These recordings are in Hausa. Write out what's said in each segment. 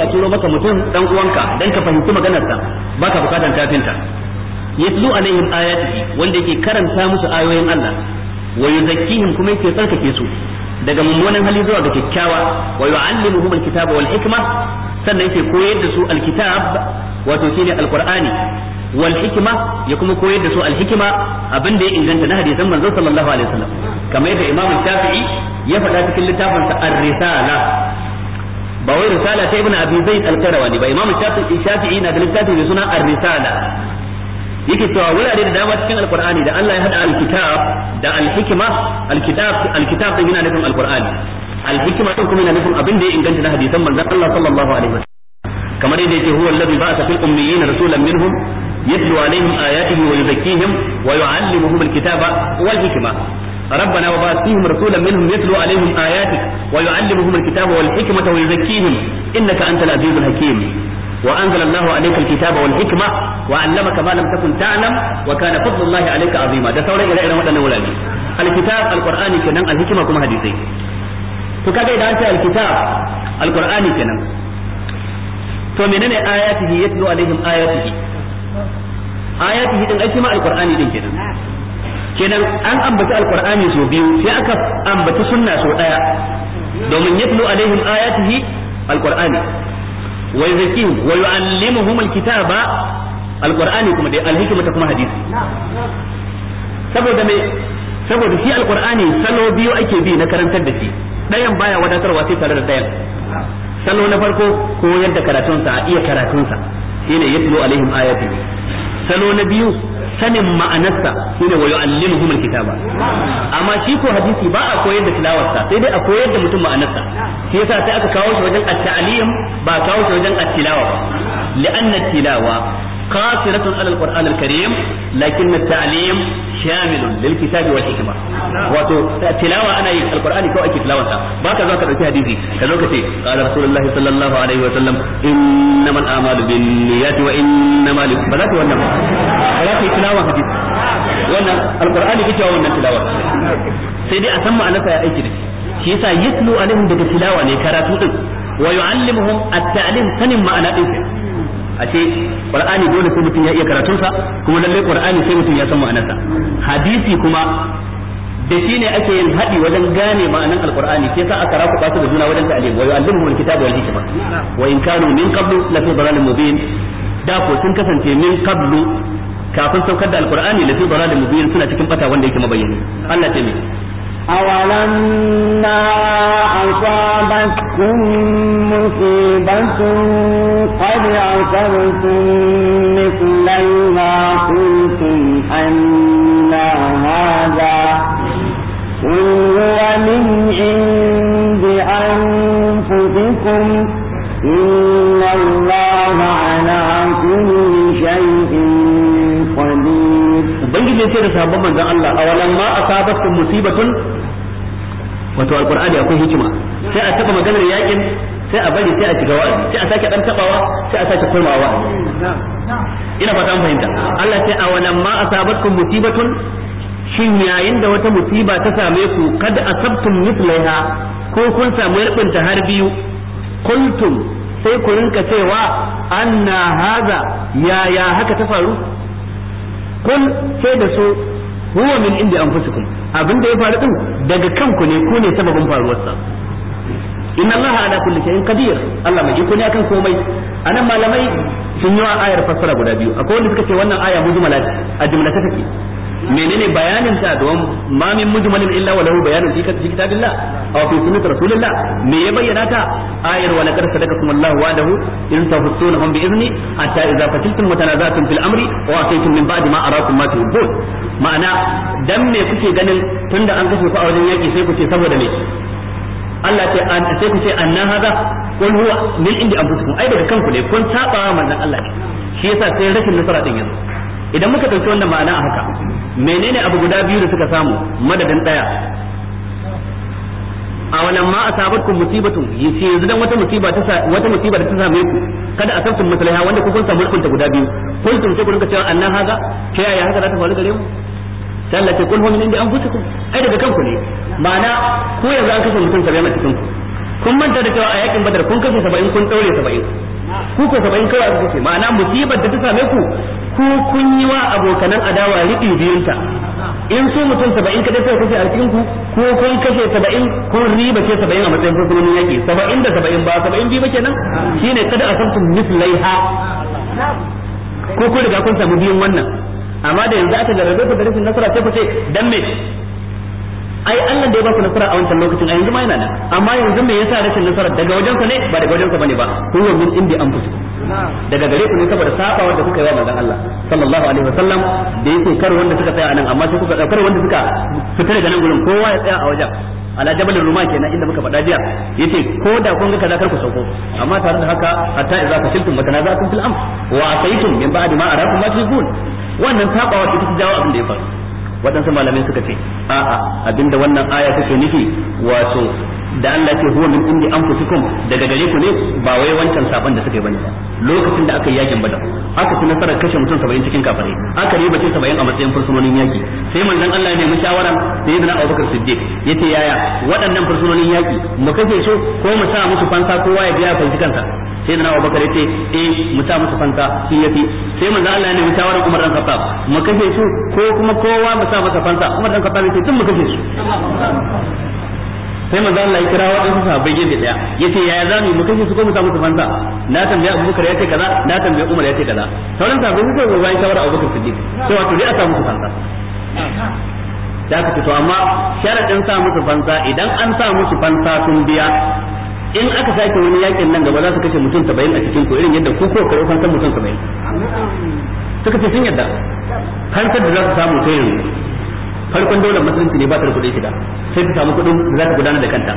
ya turo maka mutum dan uwanka dan ka fahimci maganarsa baka bukatan tafinta yatlu alaihim ayatihi wanda yake karanta musu ayoyin Allah wa yuzakkihim kuma yake tsarkake su daga mummunan hali zuwa ga kyakkyawa wa yu'allimuhum alkitaba wal hikma sannan yake koyar da su alkitab wato shine alqur'ani wal hikma ya kuma koyar da su alhikma abin da ya inganta na hadisan manzo sallallahu alaihi wasallam kamar yadda imamu shafi'i ya faɗa cikin littafinsa ar-risala ba wai risala ta ibnu abi zaid al-qarawani ba imamu shafi'i na ganin littafi mai suna ar-risala yake cewa wurare da dama cikin alqur'ani da Allah ya hada al-kitab da al-hikma al-kitab al-kitab din yana nufin al-qur'ani al-hikma din kuma yana nufin abin da ya inganta na hadisan manzon Allah sallallahu alaihi wasallam kamar yadda yake huwa alladhi ba'atha fil ummiyina rasulan minhum يتلو عليهم آياته ويزكيهم kitaba الكتاب والحكمة ربنا وبعث فيهم رسولا منهم يتلو عليهم آياتك ويعلمهم الكتاب والحكمة ويزكيهم إنك أنت العزيز الحكيم وأنزل الله عليك الكتاب والحكمة وعلمك ما لم تكن تعلم وكان فضل الله عليك عظيما ده سورة إلى إلى ودنا ولادي الكتاب القرآن كنن الحكمة كما حديثي فكذا إذا أنت الكتاب القرآن كنن فمنين آياته يتلو عليهم آياته آياته إن أجمع القرآن دين كنن kenan an ambaci alqur'ani so biyu sai aka ambaci sunna so daya domin yatlu alaihim ayatihi alqur'ani wa yuzakkihim wa yuallimuhum alkitaba alqur'ani kuma dai ta kuma hadisi saboda me saboda shi alqur'ani salo biyu ake bi na karantar da shi dayan baya wadatarwa sai tare da dayan salo na farko koyar da karatunsa a iya karatunsa shine yatlu alaihim ayatihi salo na biyu sanin ma'anarsa shine wa yu'allimuhum kitaba, amma shi ko hadisi ba a koyar da tilawarsa sai dai a koyar da mutum ma'anarsa shi yasa sai aka kawo shi wajen at-ta'lim ba kawo shi wajen at-tilawa ba li'anna tilawa قاصرة على القرآن الكريم لكن التعليم شامل للكتاب والحكمة wato tilawa ana yi alqur'ani kawai ake tilawarsa ba ka zo ka dauki hadisi ka zo ka ce sallallahu alaihi wa sallam innamal a'malu binniyati wa innamal ba za ka wannan ba za ka yi tilawa hadisi wannan alqur'ani kike wannan tilawa sai dai a san ma'anarsa ya aiki shi yasa yatlu alaihim daga tilawa ne karatu din wa yu'allimuhum at-ta'lim sanin ma'ana ashe qur'ani dole sai mutum ya iya karatun sa kuma lalle qur'ani sai mutum ya san ma'anarsa hadisi kuma da shi ne ake yin haɗi wajen gane ma'anan alqur'ani sai sa aka rakuba su da juna wajen ta'alim wa yu'allimuhum alkitaba wal hikma wa in kanu min qablu la fi dhalalin mubin da ko sun kasance min qablu kafin saukar da alqur'ani la fi dhalalin mubin suna cikin bata wanda yake mabayyani Allah ce mai أولما أصابتكم مصيبة قد عصبتم مثليها قلتم أن da sahabban manzon Allah awalan ma asabatkum musibatun wato alqur'ani akwai hikima sai a taba maganar yakin sai a bari sai a shiga wa'azi sai a sake dan tabawa sai a sake komawa wa'azi ina fata an fahimta Allah sai awalan ma asabatkum musibatun shin yayin da wata musiba ta same ku kad asabtum mithlaiha ko kun samu yarbinta har biyu kuntum sai ku rinka cewa anna haza ya ya haka ta faru kun sai da su huwa min indi anfusikum abin da ya faru din daga kanku ne ku ne sababin faruwarsa inna allaha ala kulli shay'in qadir Allah mai iko ne akan komai anan malamai sun yi wa ayar fassara guda biyu akwai wanda suka ce wannan aya mujmala a take menene bayanin ta don ma min mujmalin illa wa lahu bayanun fi kitabillah aw fi sunnati rasulillah me ya bayyana ta ayar wa laqad sadaqakum Allah dahu in tahussunahum bi izni hatta idza fatiltum wa fil amri wa ataytum min ba'di ma arakum ma tuhibbun ma'ana dan me kuke ganin tunda an kace ku a wajen yaki sai kuce saboda me Allah ce an sai ku ce annan haza kun huwa min indi anfusikum ai daga kanku ne kun saba manzon Allah shi yasa sai rashin nasara din yanzu idan muka ɗauki wannan ma'ana a haka menene abu guda biyu da suka samu madadin ɗaya a wannan ma asabatkum musibatun yace yanzu dan wata musiba ta wata musiba ta same ku kada a sabtun maslaha wanda ku kun samu ta guda biyu kun sai ku rinka cewa annan haza ke yaya haka za ta faru gare mu sai Allah ce kun hu an inda ku? ai daga kanku ne ma'ana ko yanzu an kashe mutum 70 a cikin ku kun manta da cewa a yakin badar kun kashe 70 kun daure 70 ku ko saba'in kawai aka kashe ma'ana musibar da ta same ku ku kun yi wa abokanan adawa riɗi biyunta in su mutum saba'in kadai sai kashe a cikin ku ko kun kashe saba'in kun riba ce saba'in a matsayin fursunonin yaƙi saba'in da saba'in ba saba'in biyu ba kenan shine kada a samtum mislaiha ko kun riga kun samu biyun wannan amma da yanzu aka jarrabe ku da rashin nasara sai ku ce dan me ai Allah da ya ba ku nasara a wancan lokacin a yanzu ma yana nan amma yanzu me yasa rashin nasara daga wajen ne ba daga wajen sa bane ba huwa min indi anfusikum daga gare ku ne saboda sabawar da kuka yi wa manzon Allah sallallahu alaihi wasallam da yake kar wanda suka tsaya anan amma sai kuka daukar wanda suka fita daga nan gurin kowa ya tsaya a wajen ala jabalin ruma kenan inda muka faɗa jiya yace ko da kun ga kaza kar ku sauko amma tare da haka hatta idza fashiltum wa tanazatum fil amr wa asaytum min ba'di ma arakum ma tajibun wannan sabawa ita ta jawo abin da ya faru waɗansu malamai suka ce a'a abinda wannan aya take nufi wato da Allah ke huwa min indi anfusikum daga gare ku ne ba wai wancan saban da suka yi bane lokacin da aka yi yakin badar aka kuma nasarar kashe mutum 70 cikin kafare aka riba ce 70 a matsayin fursunonin yaki sai manzon Allah ne nemi shawara sai yana Abubakar Siddiq yace yaya waɗannan fursunonin yaki mu kashe su ko mu sa musu fansa kowa ya biya fansa kansa sai ibn Abu Bakar yace eh mu sa musu fansa shi yafi sai manzon Allah ne nemi shawaran Umar dan Khattab mu kashe su ko kuma kowa mu sa masa fansa Umar dan Khattab yace tun mu kashe su sai manzo Allah ya kira waɗansu sahabbai gefe daya yace yaya za mu kashe su ko mu samu fansa na tambaye Abubakar ya ce kaza na tambaye Umar ya ce kaza sauran sahabbai suka zo bayan shawara Abubakar Siddiq sai wato dai a samu su fansa da aka to amma sharadin sa musu fansa idan an sa musu fansa sun biya in aka sake wani yakin nan gaba za su kashe mutum 70 a cikin ko irin yadda ku ko karo fansan mutum 70 suka ce sun yadda fansar da za su samu ta yanzu farkon daular musulunci ne ba ta da kuɗin shiga sai ta samu kudin da za ta gudanar da kanta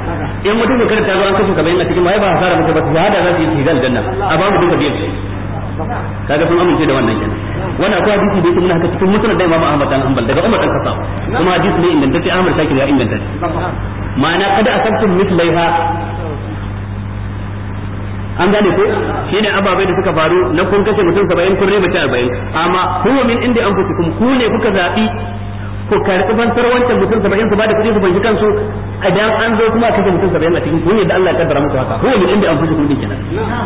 in mutum ya karanta zo an kashe kamar yana cikin ya ba hasara mutum ba su shahada za su yi shiga aljanna a ba mu duka biyar kaga sun amince da wannan kenan wannan akwai hadisi da yake nuna haka cikin musulun da Imam Ahmad dan Hanbal daga Umar dan Khattab kuma hadisi ne take Ahmad take ya inganta shi ma'ana kada a asabtum ha. an gane ko shine ababai da suka faru na kun kashe mutum 70 kun riba 40 amma huwa min inda anfusikum ku ne kuka zabi ku karɓi bantar wancan mutum saba'in su ba da kuɗi su bai kansu idan an zo kuma kashe mutum saba'in a cikin kun yadda Allah ya kaddara muku haka inda an fushi kun kenan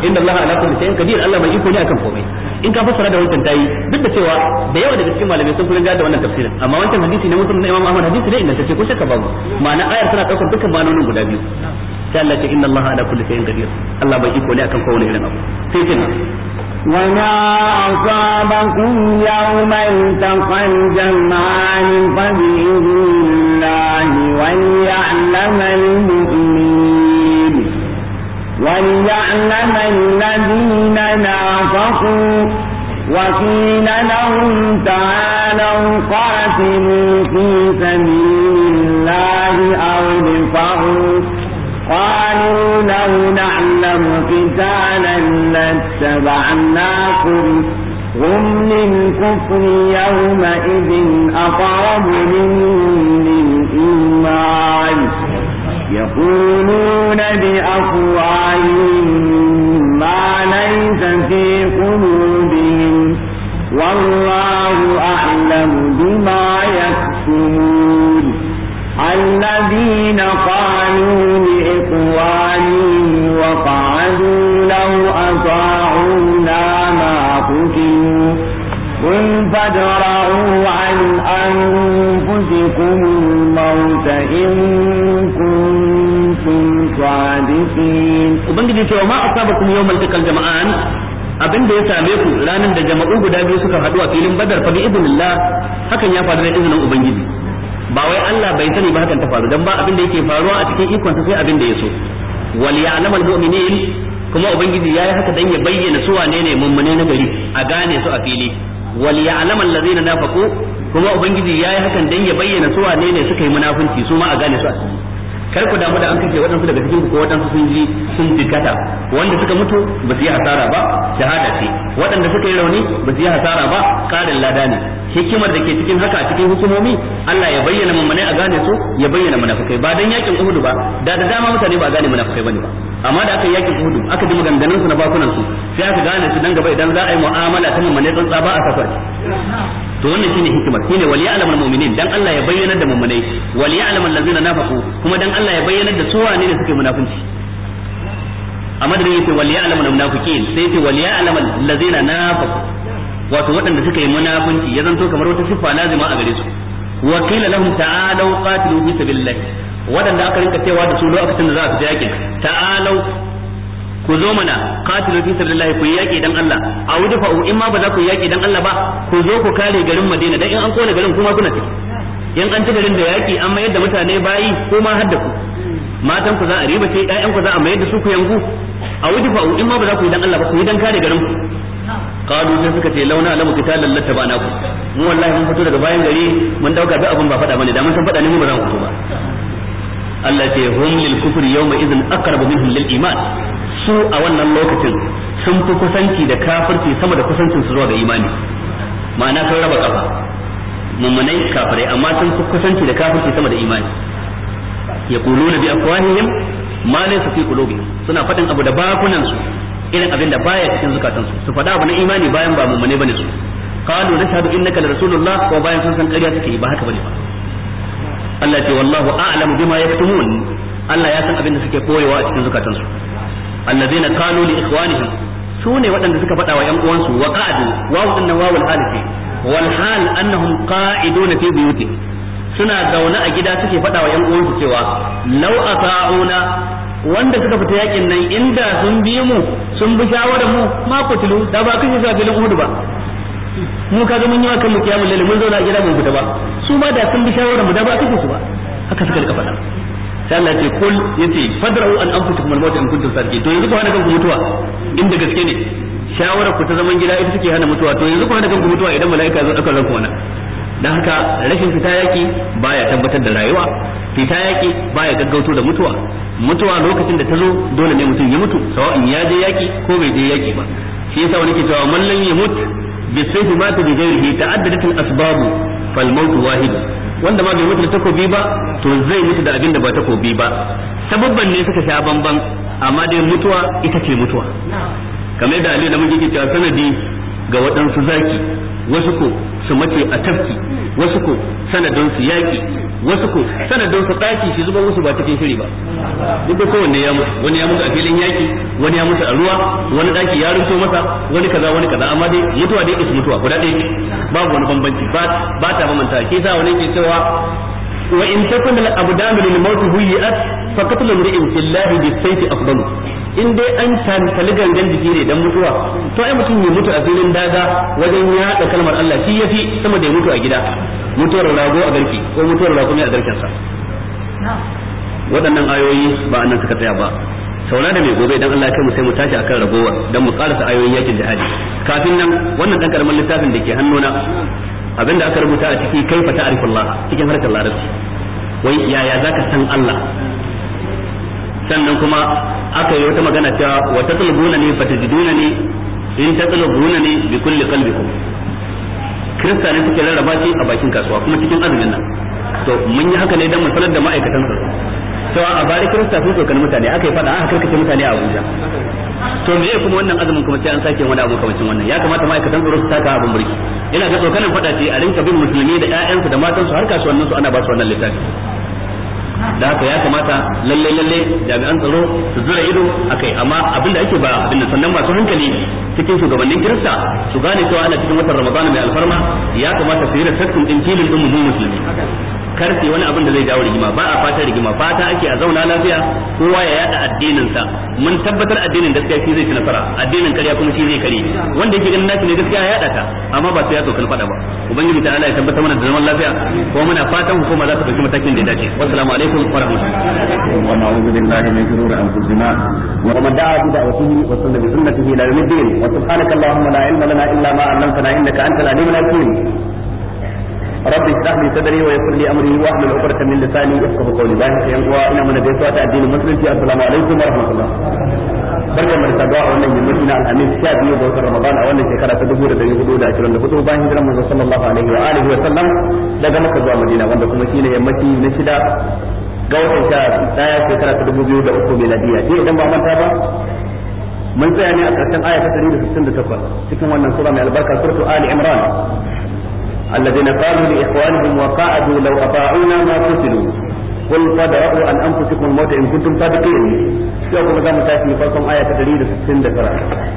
inda Allah ala kulli shay'in qadir Allah mai iko ne akan komai in ka fassara da wancan tayi duk da cewa da yawa daga cikin malamai sun kurin da wannan tafsirin amma wancan hadisi ne musulmi na Imam Ahmad hadisi ne ingantacce ko shakka babu ma'ana ayar tana daukar dukkan ma'anonin guda biyu sai Allah ya ce inna Allah ala kulli shay'in kadir Allah mai iko ne akan kowane irin abu sai kenan وما أصابكم يوم التقى الجمعان فبإذن الله وليعلم المؤمنين وليعلم الذين نافقوا وقيل لهم تعالوا اتبعناكم هم للكفر يومئذ أقرب منهم للإيمان يقولون بأفواههم ubangiji cewa ma asabakum yawmal taqal jama'an abin da ya same ku ranar da jama'u guda biyu suka haɗu a filin badar fa bi idnillah hakan ya faru da izinin ubangiji ba wai Allah bai sani ba hakan ta faru dan ba abin da yake faruwa a cikin ikon sa sai abin da ya so wal ya'lamal mu'minin kuma ubangiji yayi haka dan ya bayyana su wane ne mummune na gari a gane su a fili wal ya'lamal ladina nafaqu kuma ubangiji yayi hakan dan ya bayyana su wane ne suka yi munafunci su ma a gane su a fili kar ku damu da an kace waɗansu daga cikin ko waɗansu sun ji sun jikata wanda suka mutu ba su yi hasara ba shahada ce waɗanda suka yi rauni ba su yi hasara ba ƙarin lada ne hikimar da ke cikin haka cikin hukumomi Allah ya bayyana mane a gane su ya bayyana munafikai ba dan yakin Uhud ba da da dama mutane ba gane munafikai bane ba amma da aka yi yakin Uhud aka ji maganganun su na bakunan su sai aka gane su dan gaba idan za a yi mu'amala ta mane tsantsa ba a safar to wannan shine hikimar shine wal ya'lamul mu'minin dan Allah ya bayyana da mu'minai wal ya'lamul ladzina nafaqu kuma dan Allah ya bayyana da su wane ne suke munafunci a madadin yace wal ya'lamul munafiqin sai yace wal ya'lamul ladzina nafaqu wato waɗanda suka yi munafunci ya zanto kamar wata siffa lazima a gare su wa qila lahum ta'alu qatilu fi sabilillah waɗanda aka rinka cewa da su lokacin da za su je yakin ta'alu ku zo mana qatilu fi sabilillah ku yaki dan Allah a wudfa in ma ba za ku yaki dan Allah ba ku zo ku kare garin Madina dan in an kona garin kuma kuna ciki in an ci garin da yaki an mayar da mutane bayi ko ma da ku matan ku za a riba ce ƴaƴan ku za a mayar da su ku yanku a wudfa in ma ba za ku yi dan Allah ba ku yi dan kare garin ku qalu sai suka ce launa lamu qitalan ku mu wallahi mun fito daga bayan gari mun dauka duk abin ba faɗa bane da mun san faɗa ne mu ba za mu fito ba Allah ce hum lil kufri yawma idhin aqrabu minhum lil iman su a wannan lokacin sun fi kusanci da kafirci sama da kusancin su zuwa ga imani ma'ana sun raba kafa mummunai kafirai amma sun fi kusanci da kafirci sama da imani na biya afwahihim ma laysa fi qulubihim suna faɗin abu da bakunan su irin abin da baya cikin zukatansu su faɗa abu na imani bayan ba mummune bane su qalu nashhadu innaka rasulullah ko bayan sun san ƙarya suke ba haka bane ba Allah ce wallahu a'lamu bima yaktumun Allah ya san abin da suke koyewa a cikin zukatansu alladheena qalu li ikhwanihim su ne waɗanda suka faɗa wa ƴan uwansu wa qa'adu wawu dinnan wawul halifi wal hal annahum qa'iduna fi buyutihim suna zaune a gida suke faɗa wa ƴan uwansu cewa law asa'una wanda suka fita yakin nan inda sun bi mu sun bi shawara mu ma kutulu da ba kashe su a filin Uhud ba mu kaga mun yi wa kanmu kiyamul lail mun zauna a gida mun fita ba su ba da sun bi shawara mu da ba kashe su ba haka suka rika faɗa sai Allah ya ce kul yace fadra'u an anfusukum al-maut in kuntum sadiqin to yanzu ku hana kanku mutuwa inda gaske ne shawara ku ta zaman gida ita take hana mutuwa to yanzu ku hana kanku mutuwa idan mala'ika zo aka ranku wannan dan haka rashin fita yaki baya tabbatar da rayuwa fita yaki baya gaggauto da mutuwa mutuwa lokacin da ta zo dole ne mutum ya mutu sawa'in ya je yaki ko bai je yaki ba shi yasa wani ke cewa man lam yamut bi sayfi mata bi ghairihi ta'addadat al-asbab fal maut wahid wanda ma bai mutu da takobi ba to zai mutu da abin da ba takobi ba sababban ne suka sha bamban amma dai mutuwa ita ce mutuwa kamar da aliyu da muke ta sanadi ga waɗansu zaki wasu ko su mace a tafki wasu ko sanadin su yaki wasu ko sanadin su daki shi zuba musu ba cikin shiri ba duk da kowanne ya mutu wani ya mutu a filin yaki wani ya mutu a ruwa wani daki ya rinto masa wani kaza wani kaza amma dai mutuwa dai is mutuwa guda dai babu wani bambanci ba ta bamanta ke sa wani ke cewa wa in takun al abdan lil maut huyiat fa qatlu imri'in fillahi bis sayfi afdalu in dai an tantali gangan jiki ne dan mutuwa to ai mutum ya mutu a filin daga wajen ya da kalmar Allah shi yafi sama da ya mutu a gida mutuwar rago a garki ko mutuwar rago ne a sa. waɗannan ayoyi ba annan suka tsaya ba saura da mai gobe dan Allah kai mu sai mu tashi akan ragowar dan mu karasa ayoyin yakin jihadi kafin nan wannan dan karamin littafin da ke hannuna abinda aka rubuta a ciki kaifa ta'rifullah cikin harkar larabci wai yaya zaka san Allah sannan kuma aka yi wata magana cewa wa tatlubuna ne fatajiduna ne in tatlubuna ne bi kulli qalbikum kirista ne suke rarraba shi a bakin kasuwa kuma cikin azumin nan to mun yi haka ne dan mu sanar da ma'aikatan sa to a bari kirista sun tsokani mutane aka yi fada aka karkace mutane a Abuja to me kuma wannan azumin kuma sai an sake wani abu kamar wannan ya kamata ma'aikatan tsaro su taka abin burki ina ga tsokanin fada ce a rinka bin musulmi da ƴaƴansu da matansu har kasuwannin su ana ba su wannan littafi da haka ya kamata lalle lalle jami'an tsaro su zura ido akai amma abin da ake ba abinda sannan masu hankali cikin shugabannin kirista su gane cewa ana cikin watan ramadana mai alfarma ya kamata su yi da sakkun din filin din mu musulmi kar su wani abin da zai dawo rigima ba a fata rigima fata ake a zauna lafiya kowa ya yada addinin sa mun tabbatar addinin gaskiya shi zai ci nasara addinin ƙarya kuma shi zai kare wanda yake ganin nashi ne gaskiya ya yada ta amma ba sai ya tsokan fada ba ubangiji ta Allah ya tabbatar mana da zaman lafiya kuma muna fatan hukuma za ta dauki matakin da ya dace wassalamu alaikum wa rahmatullahi wa na'udhu billahi min shururi anfusina wa man da'a bi da'watihi wa sunna bi sunnatihi ila yawm سبحانك اللهم لا علم لنا إلا ما علمتنا إنك أنت العليم الحكيم رب اشرح لي صدري ويسر لي امري واحلل عقدة من لساني يفقهوا قولي لا ذلك يا وانا من بيتوا الدين المسلم في السلام عليكم ورحمه الله barka mai da a wannan yammaci na alhamis sha biyu ga watan ramadan a wannan shekara ta dubu da dari hudu da ashirin da hudu bayan hijiran manzo sallallahu alaihi wa alihi wa sallam daga maka zuwa madina wanda kuma shine yammaci na shida ga watan sha daya shekara ta dubu biyu da uku miladiya sai idan ba manta ba mun tsaya ne a karshen aya ta 168 cikin wannan sura mai albarka suratu ali imran الذين قالوا لإخوانهم وقعدوا لو أطاعونا ما قتلوا قل قد رأوا عن أنفسكم الموت إن كنتم صادقين yau kuma za mu tashi farkon aya ta 169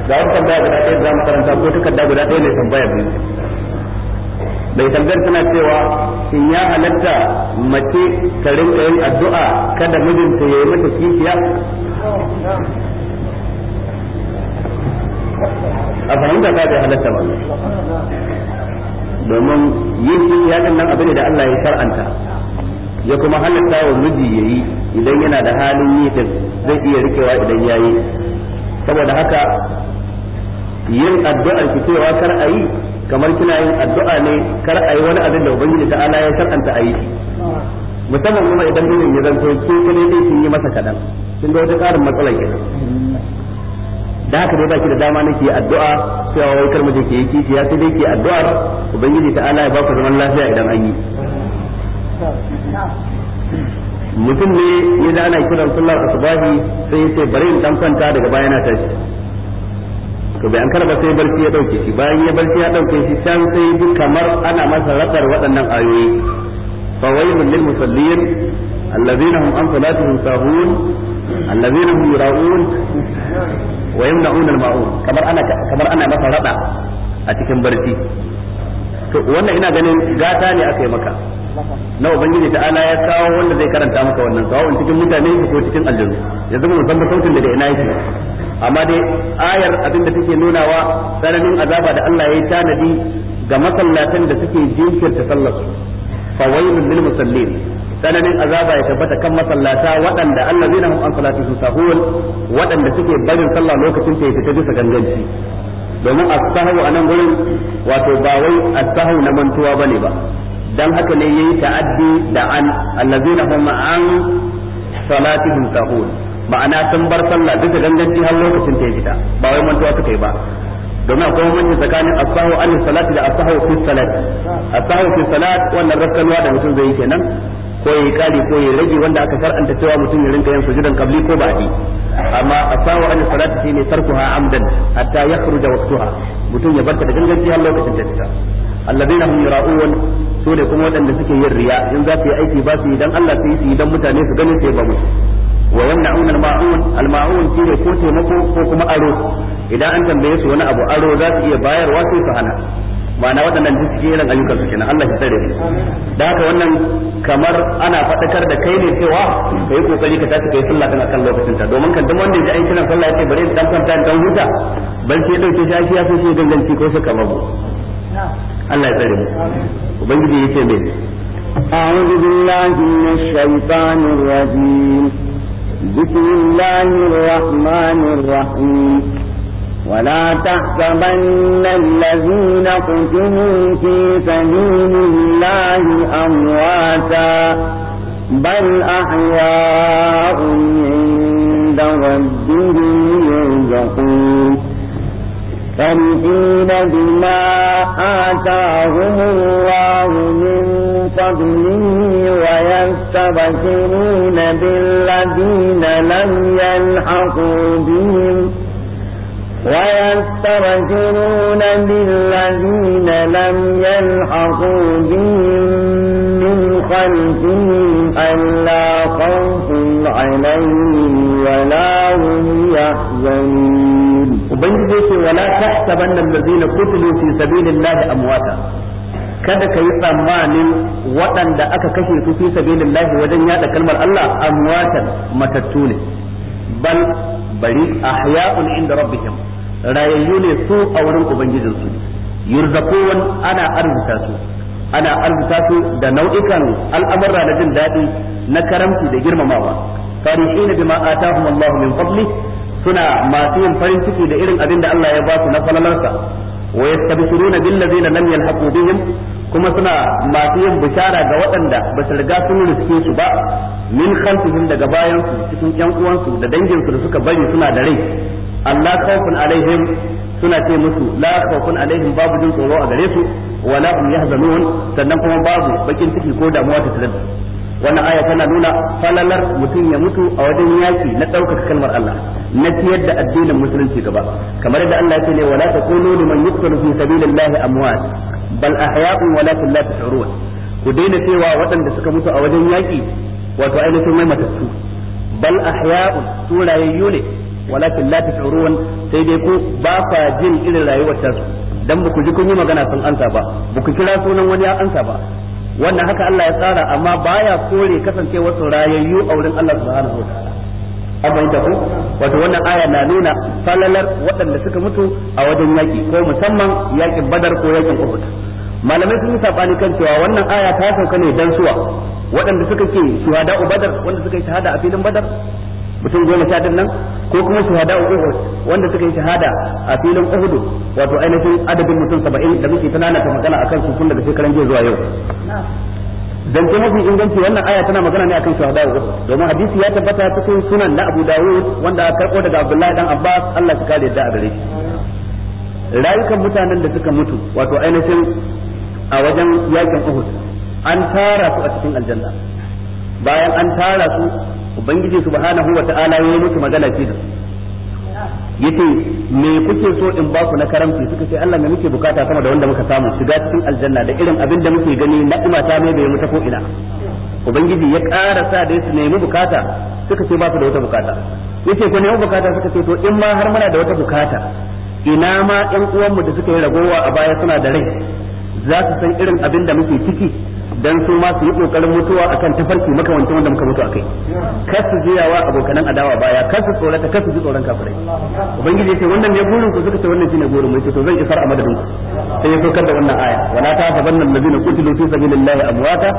ga wata tambaya guda ɗaya za mu karanta ko takarda guda ɗaya ne tambaya biyu mai tambayar tana cewa in ya halatta mace ta rinka yin addu'a kada mijinta ya yi mata kishiya a fahimta ta bai halatta ba domin yin nan ne da Allah ya far'anta ya kuma halatta wa miji yayi idan yana da halin yi ta zai iya rikewa idan yayi saboda haka yin addu'ar ki cewa kar a yi kamar kina yin addu'a ne kar a yi wani abin da ubangiji ta ala ya shar'anta a yi musamman kuma idan irin ya zanto ke kare dai kin yi masa kadan kin ga wata karin matsala kenan da haka dai baki da dama nake addu'a sai wai kar mu je ke ki ya sai dai ke addu'ar ubangiji ta Allah ya ba ku zaman lafiya idan an yi mutum ne ya da ana kiran sallar asubahi sai sai bari in dan kwanta daga baya na tashi to bai an karba sai barci ya dauke shi bayan ya barci ya dauke shi can sai duk kamar ana masa radar waɗannan ayoyi fa wailul lil musallin alladhina hum an salatuhum sahun alladhina hum yura'un wa yamna unal maun kamar ana kamar ana masa rada a cikin barci to wannan ina ganin gata ne aka yi maka na ubangiji ta'ala ya kawo wanda zai karanta maka wannan in cikin mutane ko cikin aljanu yanzu mun san sautin da ina yake amma dai ayar abin da take nunawa tsananin azaba da Allah ya yi tanadi ga masallatan da suke jinkirta sallar su fawailul lil musallin tsananin azaba ya tabbata kan masallata waɗanda allazina hum an salatihim sahun waɗanda suke barin sallah lokacin ta fita bisa ganganci domin as-sahwu anan gurin wato ba wai as-sahwu na mantuwa bane ba dan haka ne yayi ta'addi da an allazina hum an salatihim sahun ma'ana sun bar sallah duka ganganci har lokacin ta fita ba wai mantuwa suka yi ba domin akwai bambanci tsakanin asahu an salati da asahu fi salat asahu fi salat wannan rakkanwa da mutum zai yi kenan ko yi kari ko yi rage wanda aka faranta cewa mutum ya rinka yin sujudan kabli ko ba'di amma a sawa an salati sarku tarkuha amdan hatta ya yakhruja waqtuha mutum ya barta da ganganci har lokacin ta fita hum yura'un su ne kuma waɗanda suke yin riya in za su yi aiki ba su yi dan Allah sai su yi dan mutane su gane sai ba mu wa yamna'un alma'un alma'un shi ne ko taimako ko kuma aro idan an tambaye su wani abu aro za su iya bayarwa sai su hana ma'ana waɗannan duk cikin irin ayyukan su kenan Allah ya tsare mu da haka wannan kamar ana faɗakar da kai ne cewa ka yi kokari ka tashi kai sallah kana kan lokacin ta domin kan duk wanda ya ji an kiran sallah yace bari dan kwanta dan huta ban sai dauke shi ya so shi ganganci ko shi kamar Allah ya tsare mu ubangiji yake me أعوذ بالله من الشيطان الرجيم بسم الله الرحمن الرحيم ولا تحسبن الذين قتلوا في سبيل الله أمواتا بل أحياء عند ربهم يرزقون فرحين بما آتاهم الله من فضله ويستبشرون بالذين لم يلحقوا ويسترجلون بالذين لم يلحقوا بهم من خلفهم ألا خوف عليهم ولا هم يحزنون وبنجد ولا تحسبن الذين قتلوا في سبيل الله أمواتا kada ka yi tsammanin waɗanda aka kashe su fi sabilillahi wajen yada kalmar Allah amwatan matattu ne bal bari ahya'un inda rabbihim rayayyu ne su a wurin ubangijin su yurzaqun ana arzuta su ana arzuta su da nau'ikan al'amurra na jin daɗi na karamci da girmamawa farihina bima atahum Allah min fadli suna masu yin farin ciki da irin abin da Allah ya ba su na falalarsa wa yastabshiruna bil ladzina lam yalhaqu bihim kuma suna masu yin bishara ga waɗanda ba su riga sun riske su ba min khalfihim daga bayan su cikin yan uwansu da dangin su da suka bari suna da rai Allah khawfun alaihim suna ce musu la khawfun alaihim babu jin tsoro a gare su wala yahzanun sannan kuma babu bakin ciki ko damuwa ta wannan aya tana nuna falalar mutum ya mutu a wajen yaki na ɗaukaka kalmar Allah na ciyar da addinin musulunci gaba kamar yadda Allah ya ce ne wala taqulu liman yuqtalu fi sabilillahi amwat bal ahya'un walakin la tash'urun ku daina cewa waɗanda suka mutu a wajen yaki wato ainihin mai matattu bal ahya'un su rayayyu ne walakin la tash'urun sai dai ku ba fa jin irin rayuwar tasu dan ba ku ji kun yi magana sun ansa ba ba ku kira sunan wani ya ansa ba wannan haka Allah ya tsara amma baya kore kasancewar su rayayyu a wurin Allah subhanahu wa ta'ala amma bayyana wato wannan aya na nuna falalar waɗanda suka mutu a wajen yaƙi ko musamman yaƙin badar ko yaƙin uhud malamai sun yi sabani kan cewa wannan aya ta sauka ne dan suwa waɗanda suka ke shuhada badar wanda suka yi shahada a filin badar mutum goma sha nan ko kuma shahada uku wanda suka yi shahada a filin uhud wato ainihin adadin mutum saba'in da muke tunana ta magana akan su tun daga shekaran jiya zuwa yau dan mafi inganci wannan aya tana magana ne akan shahada uku domin hadisi ya tabbata cikin sunan na Abu Dawud wanda a karbo daga Abdullahi dan Abbas Allah ya kare da a gare shi rayukan mutanen da suka mutu wato ainihin a wajen yakin Uhud an tara su a cikin aljanna bayan an tara su ubangiji subhanahu wa ta'ala yayi musu magana ce da yace me kuke so in ba ku na karamci suka ce Allah me muke bukata sama da wanda muka samu shiga cikin aljanna da irin abin da muke gani na'ima ta mai bai mutu ko ina ubangiji ya ƙara sa da su nemi bukata suka ce ba su da wata bukata yace ku nemi bukata suka ce to in ma har muna da wata bukata ina ma ƴan uwanmu da suka yi ragowa a baya suna da rai za su san irin abin da muke ciki dan su ma su yi kokarin mutuwa akan tafarki makawancin wanda muka mutu akai kar su jiyawa abokanan adawa baya kar su tsorata kar su ji tsoron kafirai ubangiji yace wannan ne burin ku suka ce wannan shine burin mu yace to zan isar a madadin ku sai ya saukar da wannan aya wala ta tabanna allazina qutilu fi sabilillahi amwata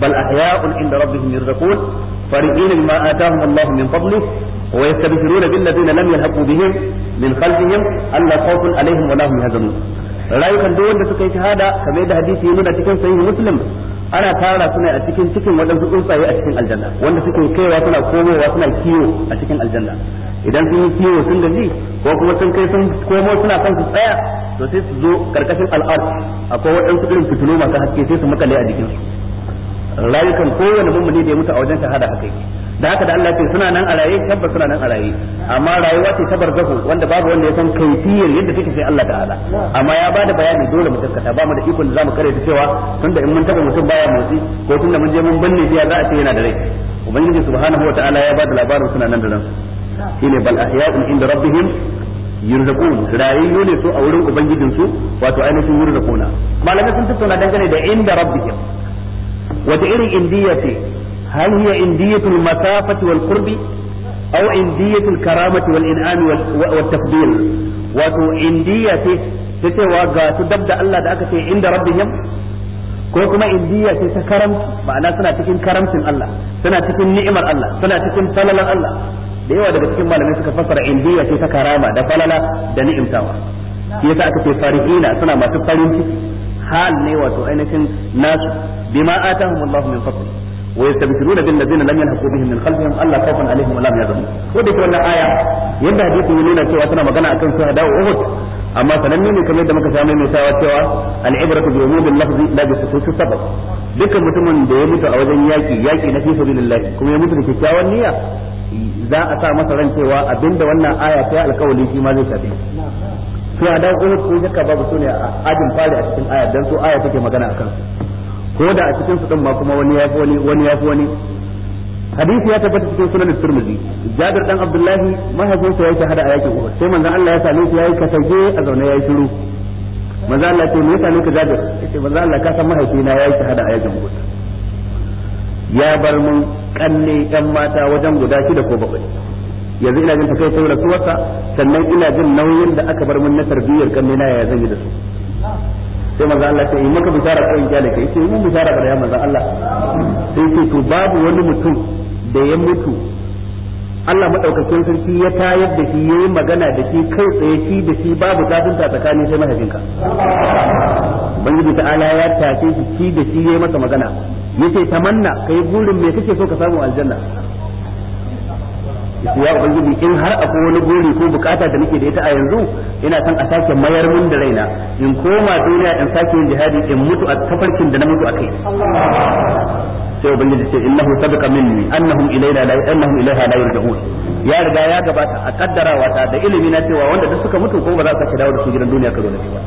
bal ahya'un inda rabbihim yurzaqun farihin bima atahum Allahu min fadlihi ويستبشرون بالذين لم يلحقوا بهم من خلفهم ألا خوف عليهم ولا هم يحزنون rayukan duk wanda suka yi shahada kamar da hadisi ya nuna cikin sahihi muslim ana tara su ne a cikin cikin waɗansu tsuntsaye a cikin aljanna wanda suke kaiwa suna komowa suna kiwo a cikin aljanna idan sun yi kiwo sun gaji ko kuma sun kai sun komo suna kan su tsaya to sai su zo karkashin al'ad akwai waɗansu irin fitilu masu haske sai su makale a jikinsu rayukan kowane mummuni da ya mutu a wajen shahada haka yake da haka da Allah ce suna nan a raye tabbas suna nan a raye amma rayuwa ce ta barzahu wanda babu wanda ya san kaifiyar yadda take sai Allah ta'ala amma ya bada bayani dole mu kaskata ba mu da ikon da zamu kare ta cewa tunda in mun taba mutum baya motsi ko tunda mun je mun binne shi za a ce yana da rai ubangiji subhanahu wa ta'ala ya bada labarin suna nan da nan shine bal ahya'un inda rabbihim yurzaqun rayayyu ne su a wurin ubangijin su wato ainihin yurzaquna malamai sun tattauna dangane da inda rabbihim wata irin indiya ce hal hiya indiyatul masafati wal qurbi aw indiyatul karamati wal in'ami wal tafdil wato indiya ce ta cewa ga su dab Allah da aka ce inda rabbihim ko kuma indiya ce ta karam ma'ana suna cikin karamcin Allah suna cikin ni'imar Allah suna cikin falalar Allah da yawa daga cikin malamai suka fassara indiya ce ta karama da falala da ni'imtawa shi yasa aka ce farihina suna masu farin ciki hal ne wato ainihin nasu bima atahumullahu min fadli ويستبشرون بالذين لم يلحقوا بهم من خلفهم الا خوف عليهم ولا هم يحزنون ودي wannan aya yadda hadisi ne nuna cewa suna magana akan shuhada Uhud amma sananne ne kamar yadda muka samu mai sawa cewa al-ibratu bi umumil lafzi la bi khususis sabab dukkan mutumin da ya mutu a wajen yaki yaki na fi sabilillah kuma ya mutu da kyakkyawan niyya za a sa masa ran cewa abinda wannan aya ta alkawali shi ma zai shafe shuhada Uhud ko shakka babu sune a ajin fari a cikin aya dan su aya take magana akan su ko da a cikin su din ma kuma wani yafi wani wani yafi wani hadisi ya tabbata cikin sunan Tirmidhi Jabir dan Abdullahi mahaifinsa ya shahada a yakin Uhud sai manzon Allah ya same shi yayi kasaje a zaune yayi shiru manzon Allah ya ce me yasa ne ka Jabir sai manzon Allah ka san mahaifina yayi hada a yakin Uhud ya bar mun kanne ɗan mata wajen guda shida ko bakwai yanzu ina jin takai sai rasuwarsa sannan ina jin nauyin da aka bar mun na tarbiyyar kanne na yaya zan yi da su sai manzo Allah ce yi maka bishara ko in kyale yace mun bishara ba da manzo Allah sai ce to babu wani mutum da ya mutu Allah madaukakin sarki ya tayar da shi yayi magana da shi kai tsaye shi da shi babu tafinta tsakani sai mahaifinka ubangiji ta'ala ya tace shi shi da shi yayi masa magana yace tamanna kai burin me kake so ka samu aljanna ya ubangiji in har akwai wani gori ko bukata da nake da ita a yanzu ina son a sake mayar mun da raina in koma duniya in sake yin jihadi in mutu a tafarkin da na mutu a kai sai ubangiji ce innahu sabaka minni annahum ilayna la annahum ilayha la yurja'un ya riga ya gabata a kaddarawa ta da ilimi na cewa wanda duk suka mutu ko ba za su sake dawo da su gidan duniya karo da ba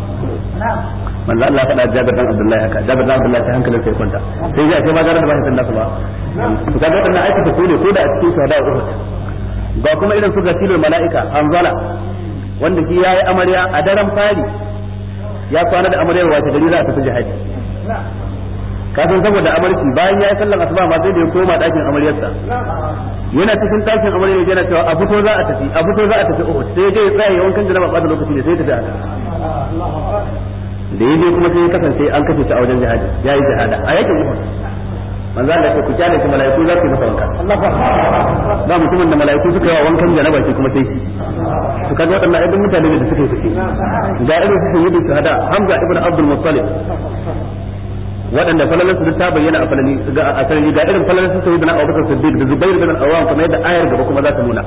manzo Allah faɗa Jabir dan Abdullahi haka Jabir dan Abdullahi ta hankalin sai kwanta sai ya ce ba gara da ba shi ba to kaga wannan aikata ko ne ko da a cikin shahada Uhud ga kuma irin su gasilul mala'ika hanzala wanda shi yayi amarya a daren fari ya kwana da amaryar wace gari za a tafi ka san saboda amarki bayan ya yi sallar asuba ma sai da ya koma ɗakin amaryarsa yana cikin ɗakin ne yana cewa a fito za a tafi a fito za a tafi uhud sai dai tsaya ya wankan janaba bada lokaci ne sai tafi da da yaje kuma sai ya kasance an kashe ta a wajen jihadi ya yi jihada a yakin uhud manzo Allah ya ku kyale shi malaiku za su masa wanka ba mutumin da malaiku suka wa wankan janaba shi kuma sai to kaga wadannan ayyukan mutane ne da suka yi suke ga irin su yi su hada Hamza ibn Abdul Muttalib waɗanda falalar su ta bayyana a falali ga a sarari ga irin falalar su sai da Abubakar Siddiq da Zubair bin Awwam kuma yadda ayar gaba kuma za ta nuna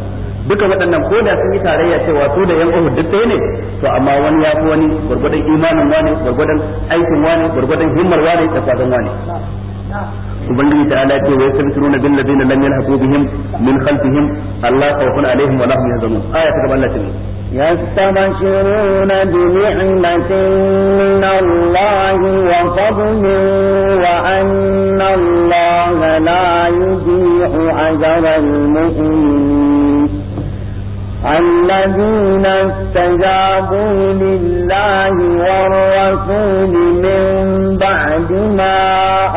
duka waɗannan ko da sun yi tarayya cewa su da yan Uhud duk ɗaya ne to amma wani ya fi wani gurgurdan imanin wani gurgurdan aikin wani gurgurdan himmar wani da fatan wani ubangiji ta ala ce wai sabtiruna bil ladina lam yalhaqu bihim min khalfihim Allah khawfun alaihim wa lahum yahzanun aya ta gaban Allah يستبشرون بنعمة من الله وفضل وأن الله لا يضيع أجر المؤمنين الذين استجابوا لله والرسول من بعد ما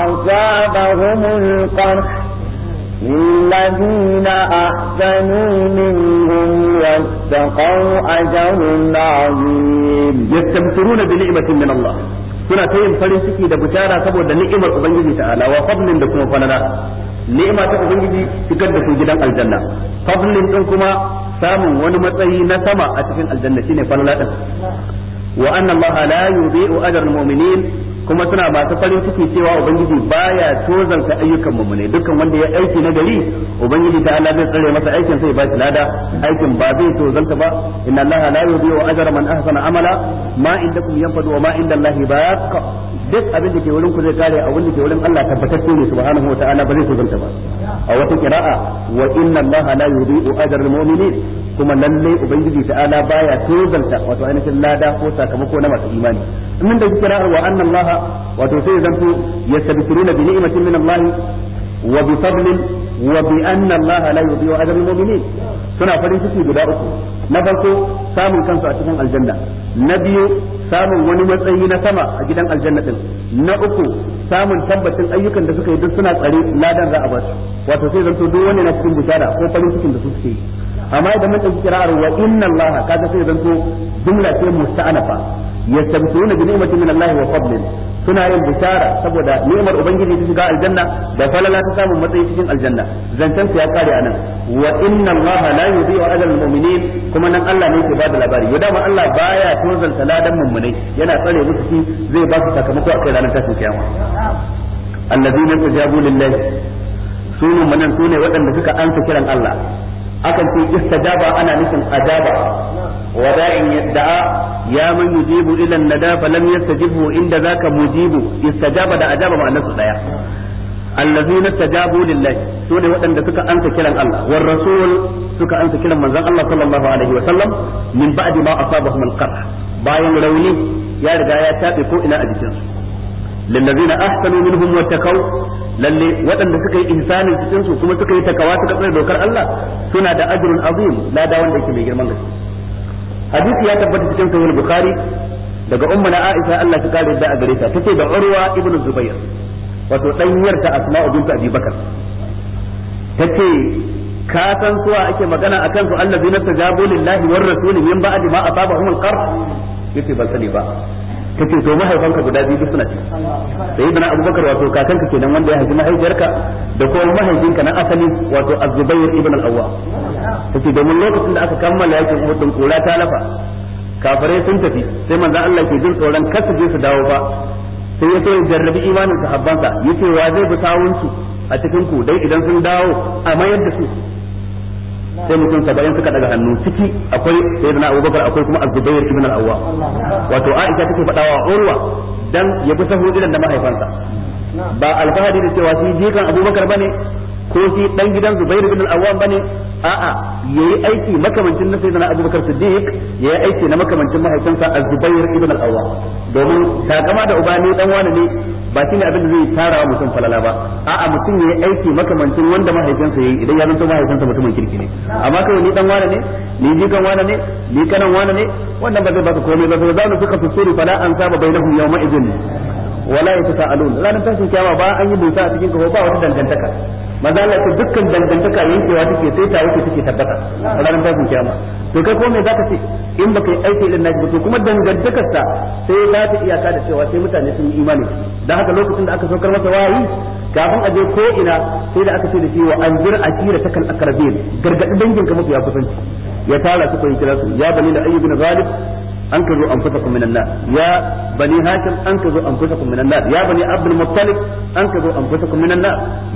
أصابهم القرح للذين أحسنوا منهم واتقوا أجر عظيم يستمترون بنعمة من الله suna ta yin farin ciki da bishara saboda ni'imar ubangiji ta'ala wa fadlin da kuma falala ni'ima ta ubangiji shigar da su gidan aljanna fadlin din kuma samun wani matsayi na sama a cikin aljanna shine falala din wa anna allaha la yudhi'u ajra kuma suna masu farin ciki cewa ubangiji baya tozanta ayyukan mu ne dukkan wanda ya aiki na gari ubangiji ta Allah zai tsare masa aikin sai ba shi lada aikin ba zai tozanta ba inna Allah la yudhi'u ajra man ahsana amala ma indakum yanfadu wa ma inda Allah baq duk abin da ke wurin ku zai kare a da ke wurin Allah tabbatacce ne subhanahu wa ta'ala ba zai tozanta ba a wata kiraa wa inna Allah la yudhi'u ajra al-mu'minin kuma lalle ubangiji ta'ala baya tozalta wato ainihin lada ko sakamako na masu imani min da kira'ar wa anna allaha wato sai zanto yastabiruna bi ni'matin min allah wa bi fadlin wa bi anna allaha la yudhi'u ajra al mu'minin suna farin ciki guda uku na farko samun kansu a cikin aljanna na biyu samun wani matsayi na sama a gidan aljanna din na uku samun tabbacin ayyukan da suka yi duk suna tsare ladan za a ba su wato sai zanto duk wani na cikin bishara ko farin cikin da su suke yi amma idan mun ɗauki kira'ar wa inna Allah kaga sai zanto jumla ce musta'anafa yastabtuna bi ni'matin min Allah wa fadlin suna yin bishara saboda ni'imar ubangiji ta shiga aljanna da falala ta samu matsayi cikin aljanna zancen ya kare anan wa inna Allah la yudhi'u ajra muminin kuma nan Allah ne ke ba da labari da ma Allah baya tozalta ladan mummunai yana tsare musu shi zai ba su sakamako akai ranar tashin kiyama alladhina yastajabu lillahi sunu manan sune waɗanda suka ansa kiran Allah akan ce istijaba ana nufin ajaba wa da'in yad'a ya man yujibu ila an-nada inda zaka mujibu istajaba da ajaba ma'anar su daya allazina lillahi ne waɗanda suka kiran Allah war rasul suka kiran manzon Allah sallallahu alaihi wa sallam min ba'di ma asabahum al-qarh bayan rauni ya riga ya tabe ko ina a jikinsu lillazina ahsanu minhum wa taqaw lalle waɗanda suka yi ihsanin cikin su kuma suka yi takawa suka tsare dokar Allah suna da ajrun azim lada wanda yake mai girman gaske hadisi ya tabbata cikin sahih bukhari daga ummu na aisha Allah ta kare da a gare ta tace da urwa ibn zubair wato danyar ta asma'u bint abubakar bakar tace ka san suwa ake magana akan su allazina tajabu lillahi war rasuli min ba'di ma asabahum alqar yace ban sani ba kace to mahaifanka guda biyu duk suna ciki sai da abubakar wato kakanka kenan wanda ya haifi mahaifiyarka da kuma mahaifinka na asali wato az-zubair ibn al-awwa kace domin lokacin da aka kammala yakin uhud din kura ta lafa kafirai sun tafi sai manzon Allah ke jin tsoron kar su je su dawo ba sai ya sai jarrabi imanin sahabbansa yace wa zai bi sawunsu a cikin ku dai idan sun dawo a mayar da su sai mutum saba'in suka daga hannu ciki akwai sai sayyidina abubakar akwai kuma az-zubair ibn al-awwam wato aisha take faɗawa urwa dan ya bi sahu idan da mahaifansa ba alfahari da cewa shi jikan abubakar bane ko shi dan gidan Zubair ibn Al-Awwam bane a'a yayi aiki makamancin na sayyidina Abubakar Siddiq yayi aiki na makamancin mahaifinsa Az-Zubair ibn Al-Awwam domin takama da uba ne dan wani ne ba shine abin da zai tara mutum falala ba a'a mutum yi aiki makamancin wanda mahaifinsa yayi idan ya zanto mahaifinsa mutumin kirki ne amma kai ni dan wane ne ni jikan wane ne ni kanan wane ne wannan ba zai baka komai ba sai zanu suka fusuri fala an saba bainahum yawma idin wala yata'alun ranar tashin kiyama ba an yi dusa a cikin kafa ba wata dangantaka maza Allah ce dukkan dangantaka yankewa take sai ta wuce take tabbata a ranar tashin kiyama to kai ko me zaka ce in baka yi aiki da naji to kuma dangantakar sa sai za ta iyaka da cewa sai mutane sun yi imani dan haka lokacin da aka saukar masa wayi kafin aje ko ina sai da aka ce da shi wa anzir akira takal akrabin gargadi ka mafi ya kusanci ya tara su ko kira su ya bani da ayyubin ghalib an ka zo an fusa kuma nan ya bani hashim an ka an fusa kuma nan ya bani abdul muttalib an ka an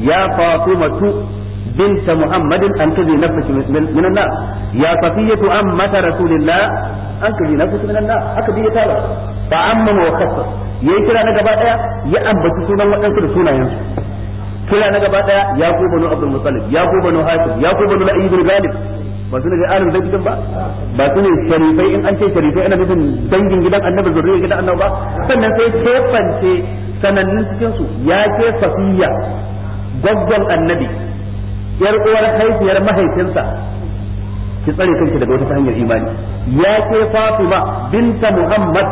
ya بنت محمد أنقذي نفسك من النار يا صفية أمة رسول الله أنقذي نفسك من النار أكذي يتابع فأمم وخصص يكرا نجبا يا أبت سونا وأنقذ سونا ينسو kira na gaba daya ya ku banu abdul muttalib ya ku banu hasim ya ba su ne da alin zai ba ba su ne sharifai in an ce sharifai ana nufin dangin gidan annabi zurriya gidan annabi ba sannan sai kefance sanannun cikin su ya ke safiya gwaggon annabi yar uwar haifiyar mahaifinsa ki tsare kanki daga wata hanyar imani ya ke fatima binta muhammad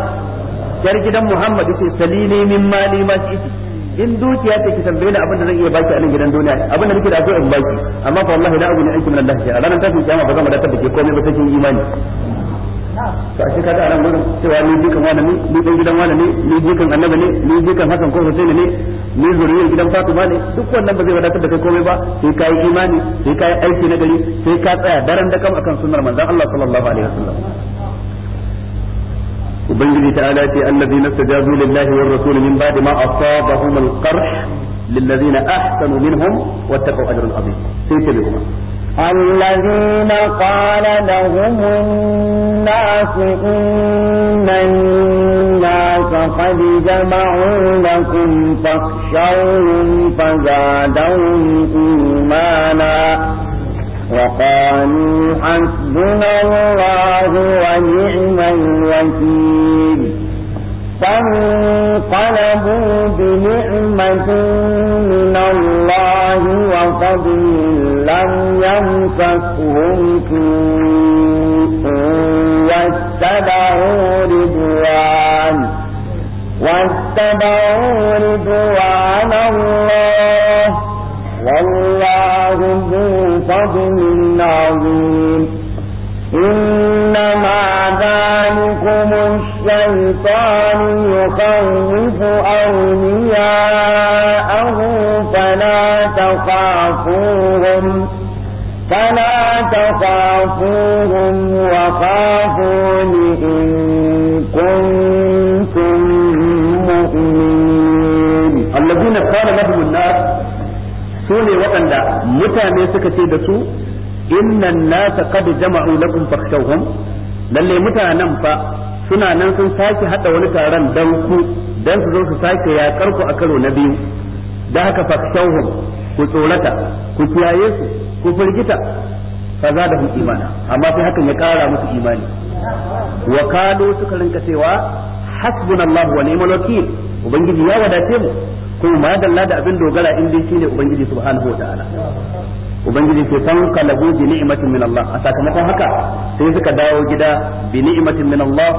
yar gidan muhammad ce salini min mali ma shi in dukiya ta ki tambaye ni abin da zan iya baki a nan gidan duniya abin da nake da so in baki amma fa wallahi abu ne aiki min Allah shi a ranar tafi kiyama ba zan wadatar da ke komai ba sai imani to cikin kaga anan gurin cewa ni dukan wani ne ni dan gidan wani ne ni dukan annabi ne ni dukan hasan ko husaini ne ni zuriyar gidan fatima ne duk wannan ba zai wadatar da kai komai ba sai kai imani sai kai aiki na gari sai ka tsaya daren da kam akan sunnar manzon Allah sallallahu alaihi wasallam ubangiji ta'ala ce allazina istajabu lillahi war rasul min ba'di ma asabahum al-qarh للذين أحسنوا منهم واتقوا أجر عظيم سيتبعهم الذين قال لهم الناس إن الناس قد جمعوا لكم فاخشوهم فزادهم إيمانا وقالوا حسبنا الله ونعم الوكيل فانقلبوا بنعمة من الله وفضل لم يمسكهم سوء واتبعوا رضوان واتبعوا رضوان الله والله ذو فضل الشيطان يخوف أولياءه فلا تخافوهم فلا تخافوهم وخافون إن كنتم مؤمنين الذين قال لهم الناس سوني وأن لا متى ميسك سيدسو إن الناس قد جمعوا لكم فاخشوهم للي mutanen fa suna nan sun sake hada wani taron dan ku dan su zo su sake ya ku a karo na biyu da haka fakshawhum ku tsorata ku kiyaye su ku firgita faza da imani amma sai hakan ya kara musu imani wa kado suka rinka cewa hasbunallahu wa ni'mal wakil ubangiji ya wadace mu kuma madalla da abin dogara in dai shine ubangiji subhanahu wa ta'ala ubangiji ce san kalabu bi ni'matin min Allah a sakamakon haka sai suka dawo gida bi ni'matin min Allah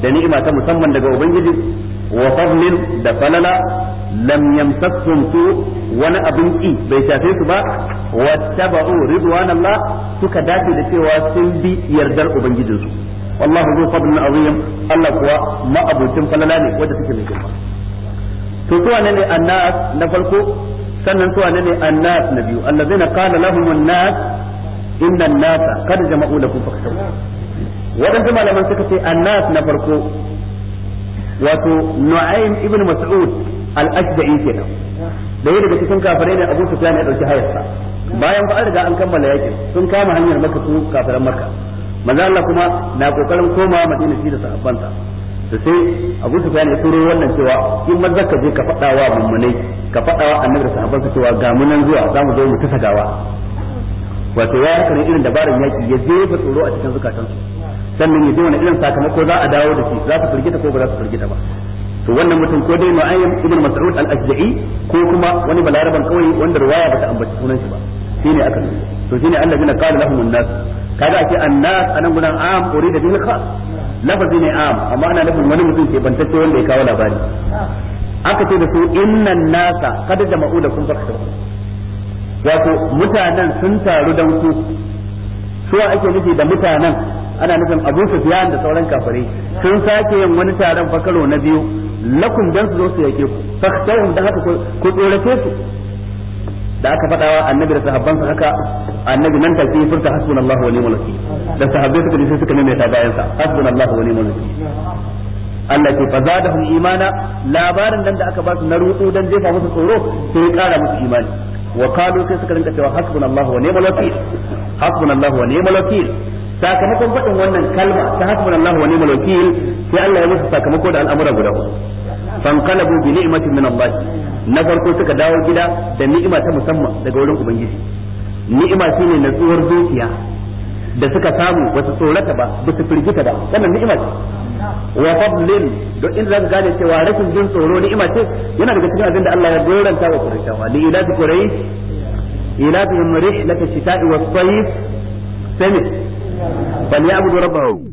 da ni'ima ta musamman daga ubangiji wa fadlin da falala lam yamsassum su wani abin ki bai shafe su ba wa tabu Allah suka dace da cewa sun bi yardar ubangijinsu wallahu zu fadlin azim Allah kuwa ma'abucin falala ne wanda suke mai girma to kowane ne annas na farko sannan su wane ne annas na biyu allazina qala lahum annas inna an qad jama'u lakum fakhshaw wadansu malaman suka ce annas na farko wato nu'aym ibn mas'ud al-ashda'i kenan da yadda daga cikin kafirai ne Abu Sufyan ya dauki hayarsa bayan ba an riga an kammala yakin sun kama hanyar maka su kafiran maka manzo Allah kuma na kokarin komawa Madina shi da sahabbansa da sai abu su ya turo wannan cewa in man zaka je ka faɗa wa mummunai ka faɗa wa annabi da sahabbansa cewa ga mu nan zuwa za mu zo mu kasa gawa wato ya haka ne irin dabarar yaki ya jefa tsoro a cikin zukatansu sannan ya je wani irin sakamako za a dawo da shi za su firgita ko ba za su firgita ba to wannan mutum ko dai ma'ayyam ibn mas'ud al-ashja'i ko kuma wani balaraban kawai wanda ruwaya bata ambaci sunan shi ba shine aka to shine Allah bin qala lahum an-nas kaga ake an-nas anan gudan am urida bil khas lafazi ne am amma ana nufin wani mutum ke bantacce wanda ya kawo labari aka ce da su innan nasa kada jama'u da kun farka wato mutanen sun taru dan ku su ake nufi da mutanen ana nufin Abu Sufyan da sauran kafirai sun sake yin wani taron fakaro na biyu lakum dan su zo su yake ku fakta da haka ku tsorace su da aka faɗawa annabi da sahabbansa haka annabi nan take yi furta hasbunallahu wa ni'mal wakeel da sahabbai suka ji sai suka nuna ta bayan sa hasbunallahu wa ni'mal wakeel Allah ce fazadahum imana labarin nan da aka ba su na rudu dan jefa musu tsoro sai kara musu imani wa qalu sai suka rinka cewa hasbunallahu wa ni'mal wakeel hasbunallahu wa ni'mal wakeel sakamakon faɗin wannan kalma ta hasbunallahu wa ni'mal wakeel sai Allah ya musu sakamako da al'amura guda uku fanqalabu bi ni'matin min Allah na farko suka dawo gida da ni'ima ta musamman daga wurin ubangiji ni'ima shine natsuwar zuciya da suka samu wasu tsorata ba ba su firgita ba wannan ni'ima ce wa fadlin don in zaka gane cewa rashin jin tsoro ni'ima ce yana daga cikin abin da Allah ya goranta wa Qurayshawa li ila bi Quraysh ila bi murih laka shita'i was sayf sami bal ya'budu rabbahum